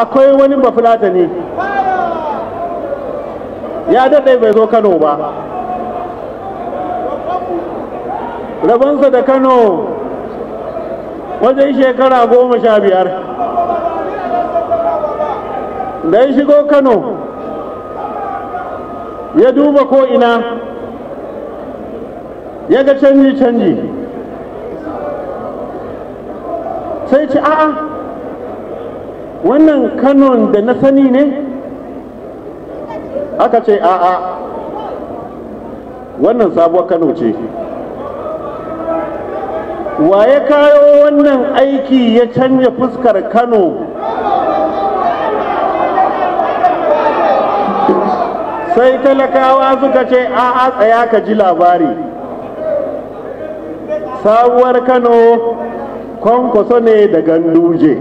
akwai wani bafulata ne ya daɗe bai zo kano ba rabonsa da kano wajen shekara goma sha biyar da ya shigo kano ya duba ko'ina ya ga canji-canji sai ci a'a wannan kanon da na sani ne aka ce a'a wannan sabuwar kano ce wa ya kayo wannan aiki ya canja fuskar kano sai talakawa suka ce a'a tsaya ka ji labari sabuwar kano kwankwaso ne da ganduje